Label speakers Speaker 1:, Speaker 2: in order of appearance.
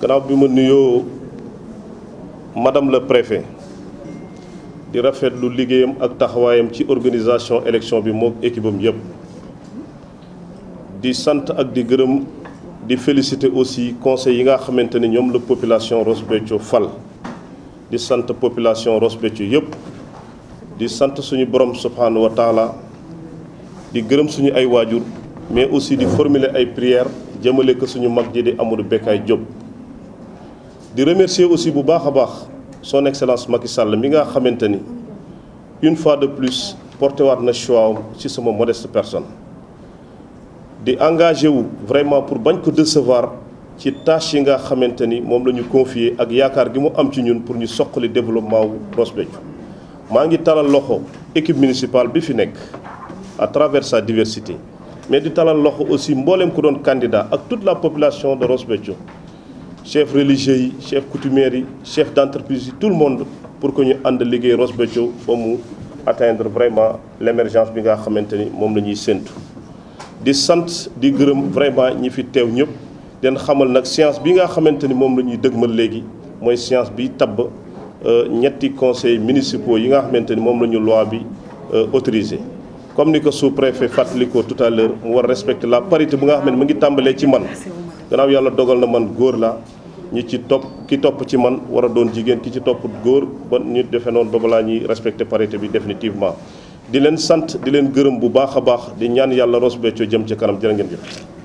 Speaker 1: bi madame le préfet di lu liggéeyam ak taxawaayam ci organisation élection bi mok équipe am yëpp di sante ak di gërëm di féliciter aussi conseil yi nga le ñom le population respectueux fal di sante population Ross yépp di sante suñu borom subhanahu wa taala di gërëm suñu ay wajur mais aussi di formuler ay prières jëmele ko suñu mag di Amadou Bekay job de remercier aussi bu baax son excellence Macky Sall mi nga une fois de plus porté waat na choix ci sama modeste personne de engager vous vraiment pour bañ ko décevoir ci tâche yi nga xamanteni mom lañu confier confié ak yaakar gi mu am ci ñun pour ñu développement wu Ross Béthio ngi talal loxo équipe municipale bi fi nekk à travers sa diversité mais di talal loxo aussi mbollem ku doon candidat ak toute la population de Ross chef religieux chef coutumier chef d'entreprise tout le monde pour que nous ayons liggéey de atteindre vraiment l'émergence que nous avons. ni moom la di vraiment ñi fi teew Nous den xamal la science bi nga avons la dëgmal science bi euh, conseils municipaux yi nga avons la loi euh, comme le sous-préfet Fatliko tout à l'heure respecte la parité que nga gannaaw yàlla dogal na man góor laa ñi ci topp ki topp ci man war a doon jigéen ki ci topp góor ba ñu defee noonu ba balaa ñuy respecté parité bi définitivement di leen sant di leen gërëm bu baax a baax di ñaan yàlla Ross Béthio jëm ci kanam jërë ngeen jëf